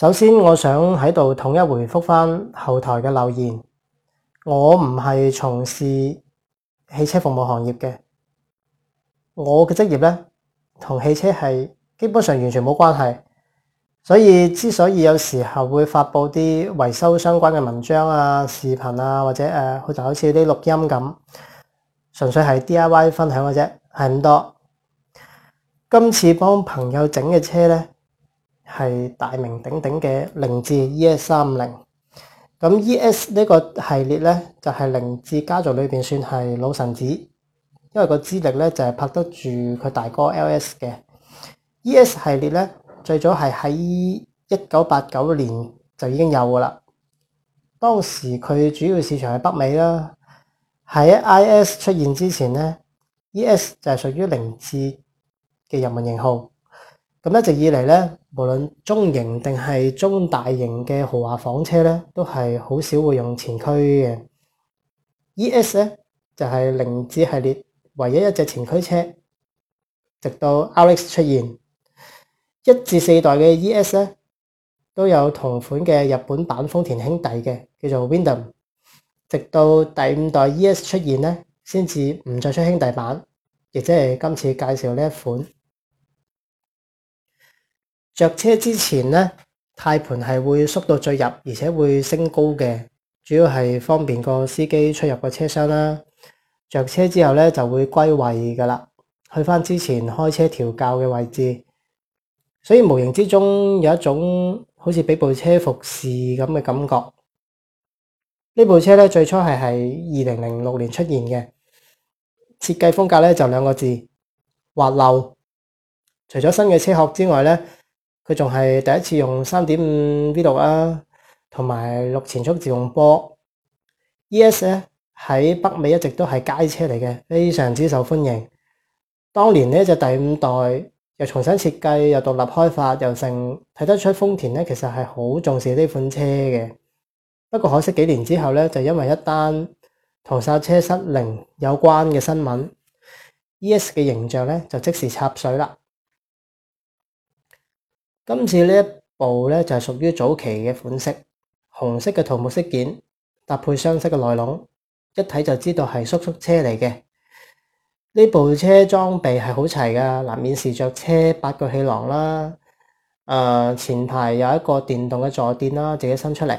首先，我想喺度統一回覆返後台嘅留言。我唔係從事汽車服務行業嘅，我嘅職業咧同汽車係基本上完全冇關係。所以之所以有時候會發布啲維修相關嘅文章啊、視頻啊，或者誒，好、呃、就好似啲錄音咁，純粹係 DIY 分享嘅啫，係咁多。今次幫朋友整嘅車咧。係大名鼎鼎嘅凌志 E S 三五零，咁 E S 呢個系列咧就係凌志家族裏邊算係老臣子，因為個資歷咧就係、是、拍得住佢大哥 L S 嘅 E S 系列咧，最早係喺一九八九年就已經有噶啦。當時佢主要市場係北美啦，喺 I S 出現之前咧，E S 就係屬於凌志嘅入門型號。咁一直以嚟咧，無論中型定係中大型嘅豪華房車咧，都係好少會用前驅嘅。E S 咧就係凌志系列唯一一隻前驅車，直到 RX 出現，一至四代嘅 E S 咧都有同款嘅日本版豐田兄弟嘅，叫做 Windom。直到第五代 E S 出現咧，先至唔再出兄弟版，亦即係今次介紹呢一款。着車之前咧，軚盤係會縮到最入，而且會升高嘅，主要係方便個司機出入個車廂啦。着車之後咧就會歸位噶啦，去返之前開車調校嘅位置。所以無形之中有一種好似俾部車服侍咁嘅感覺。呢部車咧最初係喺二零零六年出現嘅，設計風格咧就兩個字滑溜。除咗新嘅車殼之外咧。佢仲係第一次用 3.5V6 啊，同埋六前速自動波。ES 咧喺北美一直都係街車嚟嘅，非常之受歡迎。當年呢就第五代又重新設計，又獨立開發，又成睇得出豐田咧其實係好重視呢款車嘅。不過可惜幾年之後咧，就因為一單同剎車失靈有關嘅新聞，ES 嘅形象咧就即時插水啦。今次呢一部咧就係屬於早期嘅款式，紅色嘅桃木飾件搭配雙色嘅內籠，一睇就知道係叔叔車嚟嘅。呢部車裝備係好齊㗎，嗱，免匙着車八個氣囊啦，誒、呃、前排有一個電動嘅坐墊啦，自己伸出嚟，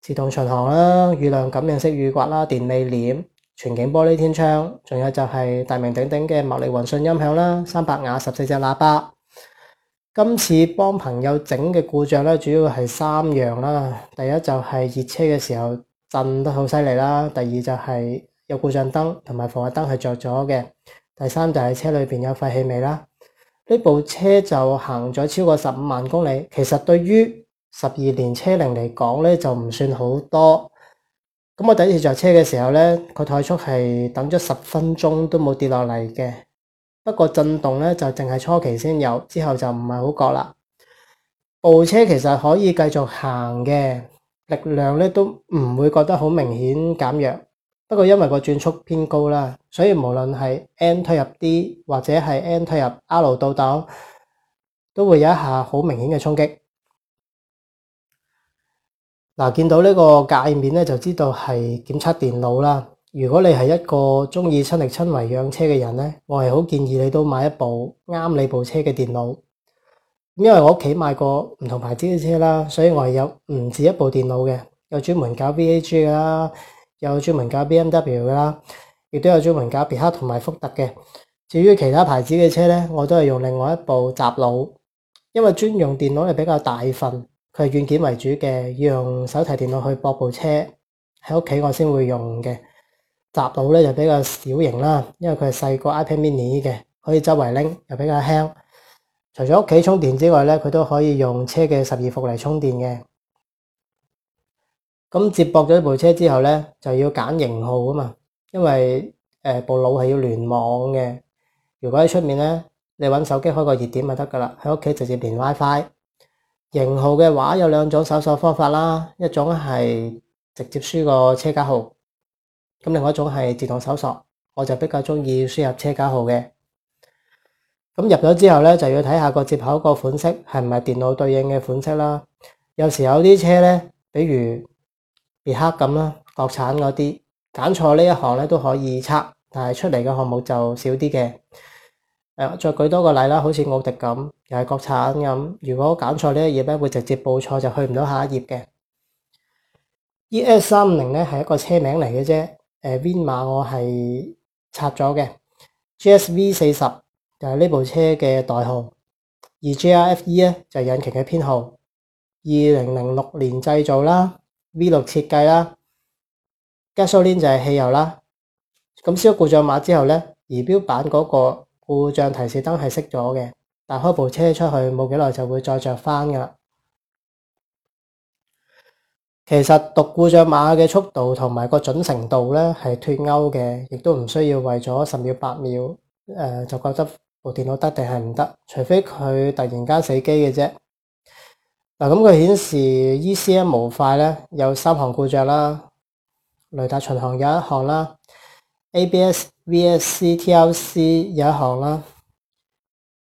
自動巡航啦，雨量感應式雨刮啦，電尾簾，全景玻璃天窗，仲有就係大名鼎鼎嘅麥力雲訊音響啦，三百瓦十四隻喇叭。今次幫朋友整嘅故障咧，主要係三樣啦。第一就係熱車嘅時候震得好犀利啦。第二就係有故障燈同埋防滑燈係着咗嘅。第三就係車裏邊有廢氣味啦。呢部車就行咗超過十五萬公里，其實對於十二年車齡嚟講咧，就唔算好多。咁我第一次着車嘅時候咧，個怠速係等咗十分鐘都冇跌落嚟嘅。不過震動咧就淨係初期先有，之後就唔係好覺啦。部車其實可以繼續行嘅力量咧都唔會覺得好明顯減弱。不過因為個轉速偏高啦，所以無論係 N 推入 D 或者係 N 推入 R 倒檔，都會有一下好明顯嘅衝擊。嗱，見到呢個介面咧就知道係檢測電腦啦。如果你係一個中意親力親為養車嘅人咧，我係好建議你都買一部啱你部車嘅電腦。因為我屋企買過唔同牌子嘅車啦，所以我係有唔止一部電腦嘅，有專門搞 VAG 嘅啦，有專門搞 BMW 嘅啦，亦都有專門搞別克同埋福特嘅。至於其他牌子嘅車咧，我都係用另外一部雜佬，因為專用電腦係比較大份，佢係軟件為主嘅，要用手提電腦去駁部車喺屋企，我先會用嘅。搭到咧就比較小型啦，因為佢係細過 iPad Mini 嘅，可以周圍拎，又比較輕。除咗屋企充電之外咧，佢都可以用車嘅十二伏嚟充電嘅。咁、嗯、接駁咗部車之後咧，就要揀型號啊嘛，因為誒、呃、部腦係要聯網嘅。如果喺出面咧，你揾手機開個熱點就得噶啦，喺屋企直接連 WiFi。型號嘅話有兩種搜索方法啦，一種係直接輸個車架號。咁另外一種係自動搜索，我就比較中意輸入車架號嘅。咁入咗之後咧，就要睇下個接口個款式係唔係電腦對應嘅款式啦。有時有啲車咧，比如別克咁啦，國產嗰啲，揀錯呢一行咧都可以測，但係出嚟嘅項目就少啲嘅。誒，再舉多個例啦，好似奧迪咁，又係國產咁。如果揀錯呢一樣咧，會直接報錯，就去唔到下一頁嘅。ES350 咧係一個車名嚟嘅啫。誒編碼我係插咗嘅，G S V 四十就係呢部車嘅代號，而 G R F E 咧就係引擎嘅編號，二零零六年製造啦，V 六設計啦，gasoline 就係汽油啦。咁燒故障碼之後咧，儀表板嗰個故障提示燈係熄咗嘅，但開部車出去冇幾耐就會再着翻㗎啦。其實讀故障碼嘅速度同埋個準程度咧，係脱鈎嘅，亦都唔需要為咗十秒八秒誒、呃、就覺得部電腦得定係唔得，除非佢突然間死機嘅啫。嗱、啊，咁佢顯示 ECM 模塊咧，有三項故障啦，雷達巡航有一項啦，ABS、VSC、TLC 有一項啦。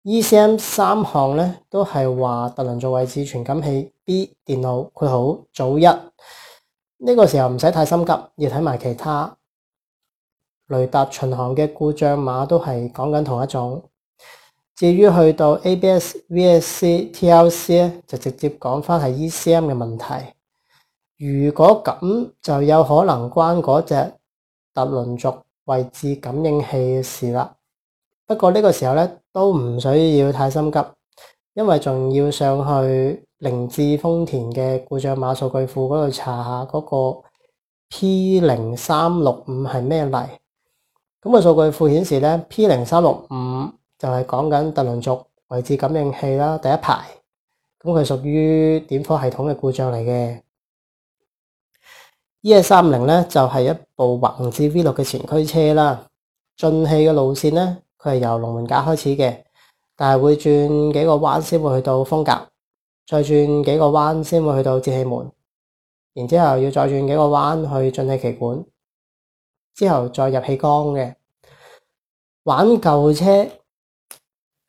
E C M 三項咧，都係話凸輪軸位置傳感器 B 電腦括號早一呢、這個時候唔使太心急，要睇埋其他雷達巡航嘅故障碼都係講緊同一種。至於去到 A B S V S C T L C 咧，就直接講翻係 E C M 嘅問題。如果咁就有可能關嗰隻凸輪軸位置感應器嘅事啦。不過呢個時候咧，都唔需要太心急，因為仲要上去凌志豐田嘅故障碼數據庫嗰度查下嗰個 P 零三六五係咩嚟。咁、那個數據庫顯示咧，P 零三六五就係講緊凸輪軸位置感應器啦，第一排。咁佢屬於點火系統嘅故障嚟嘅。E 三零咧就係、是、一部橫置 V 六嘅前驅車啦，進氣嘅路線咧。佢係由龍門架開始嘅，但係會轉幾個彎先會去到風格，再轉幾個彎先會去到節氣門，然之後要再轉幾個彎去進氣歧管，之後再入氣缸嘅。玩舊車，誒、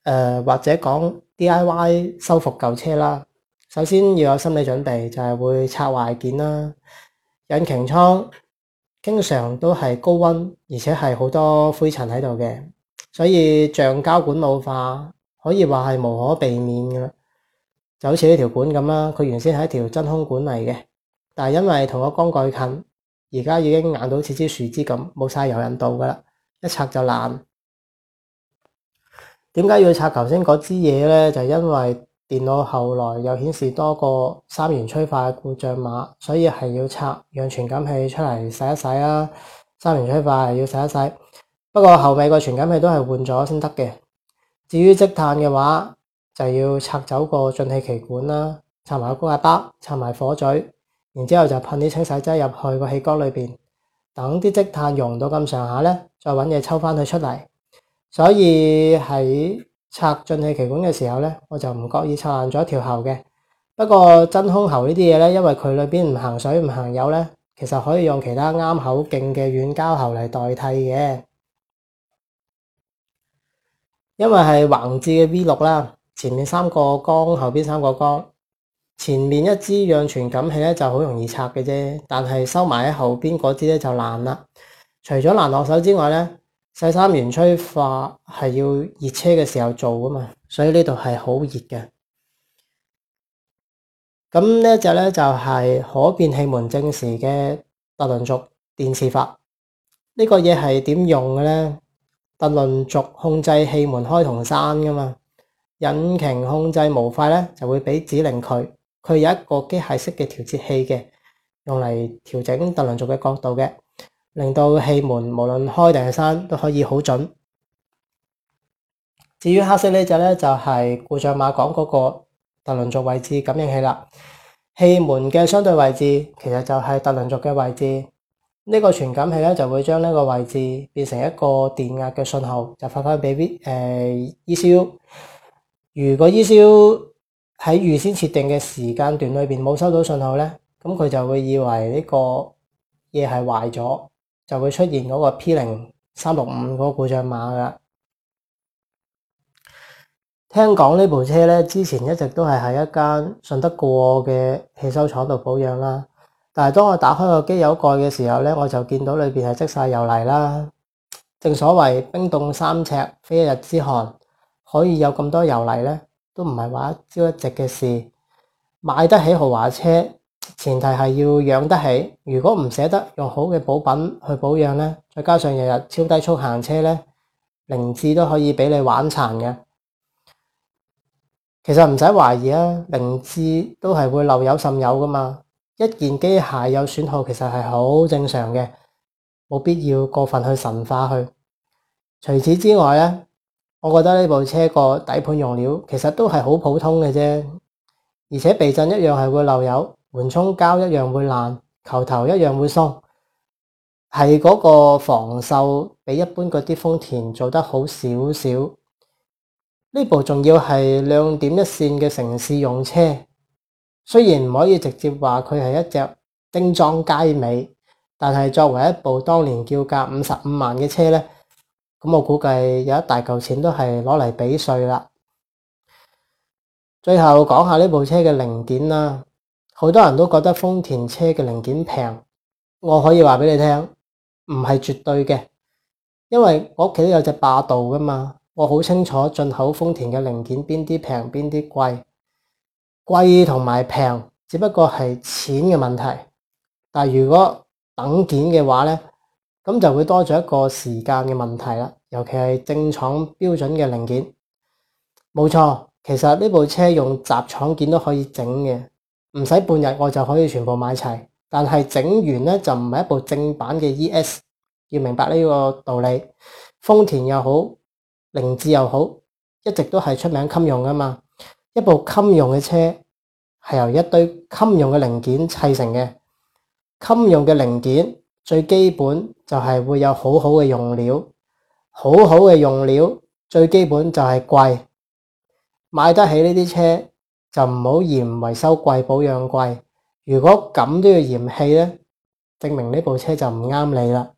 呃、或者講 D I Y 修復舊車啦。首先要有心理準備，就係、是、會拆壞件啦、引擎艙，經常都係高溫，而且係好多灰塵喺度嘅。所以橡膠管老化可以話係無可避免噶啦，就好似呢條管咁啦，佢原先係一條真空管嚟嘅，但係因為同個缸蓋近，而家已經硬到似支樹枝咁，冇晒柔韌度噶啦，一拆就爛。點解要拆頭先嗰支嘢咧？就因為電腦後來又顯示多個三元催化嘅故障碼，所以係要拆，讓傳感器出嚟洗一洗啦。三元催化係要洗一洗。不過後尾個傳感器都係換咗先得嘅。至於積碳嘅話，就要拆走個進氣歧管啦，拆埋個高壓包，拆埋火嘴，然之後就噴啲清洗劑入去個氣缸裏邊，等啲積碳溶到咁上下咧，再揾嘢抽翻佢出嚟。所以喺拆進氣歧管嘅時候咧，我就唔覺意拆爛咗條喉嘅。不過真空喉呢啲嘢咧，因為佢裏邊唔行水唔行油咧，其實可以用其他啱口徑嘅軟膠喉嚟代替嘅。因為係橫置嘅 V 六啦，前面三個缸，後邊三個缸，前面一支氧傳感器咧就好容易拆嘅啫，但係收埋喺後邊嗰支咧就難啦。除咗難落手之外咧，細三元催化係要熱車嘅時候做啊嘛，所以呢度係好熱嘅。咁呢隻咧就係可變氣門正時嘅凸輪軸電磁閥，這個、呢個嘢係點用嘅咧？凸輪軸控制氣門開同閂㗎嘛，引擎控制模塊呢就會畀指令佢，佢有一個機械式嘅調節器嘅，用嚟調整凸輪軸嘅角度嘅，令到氣門無論開定閂都可以好準。至於黑色呢隻呢，就係故障碼講嗰個凸輪軸位置感應器啦。氣門嘅相對位置其實就係凸輪軸嘅位置。呢個傳感器咧就會將呢個位置變成一個電壓嘅信號，就發翻俾誒、呃、ECU。如果 ECU 喺預先設定嘅時間段裏邊冇收到信號咧，咁佢就會以為呢個嘢係壞咗，就會出現嗰個 P 零三六五個故障碼噶。聽講呢部車咧之前一直都係喺一間信得過嘅汽修廠度保養啦。但係當我打開個機油蓋嘅時候咧，我就見到裏邊係積晒油泥啦。正所謂冰凍三尺，非一日之寒，可以有咁多油泥咧，都唔係話一朝一夕嘅事。買得起豪華車，前提係要養得起。如果唔捨得用好嘅補品去保養咧，再加上日日超低速行車咧，凌志都可以俾你玩殘嘅。其實唔使懷疑啊，凌志都係會漏油滲油噶嘛。一件機械有損耗，其實係好正常嘅，冇必要過分去神化佢。除此之外咧，我覺得呢部車個底盤用料其實都係好普通嘅啫，而且避震一樣係會漏油，緩衝膠一樣會爛，球頭一樣會鬆，係嗰個防鏽比一般嗰啲豐田做得好少少。呢部仲要係兩點一線嘅城市用車。雖然唔可以直接話佢係一隻精裝佳美，但係作為一部當年叫價五十五萬嘅車咧，咁我估計有一大嚿錢都係攞嚟俾稅啦。最後講下呢部車嘅零件啦，好多人都覺得豐田車嘅零件平，我可以話俾你聽，唔係絕對嘅，因為我屋企都有隻霸道噶嘛，我好清楚進口豐田嘅零件邊啲平邊啲貴。貴同埋平，只不過係錢嘅問題。但係如果等件嘅話咧，咁就會多咗一個時間嘅問題啦。尤其係正廠標準嘅零件，冇錯。其實呢部車用雜廠件都可以整嘅，唔使半日我就可以全部買齊。但係整完咧就唔係一部正版嘅 ES。要明白呢個道理，豐田又好，凌志又好，一直都係出名襟用㗎嘛。一部襟用嘅車係由一堆襟用嘅零件砌成嘅，襟用嘅零件最基本就係會有好好嘅用料，好好嘅用料最基本就係貴，買得起呢啲車就唔好嫌維修貴保養貴，如果咁都要嫌棄咧，證明呢部車就唔啱你啦。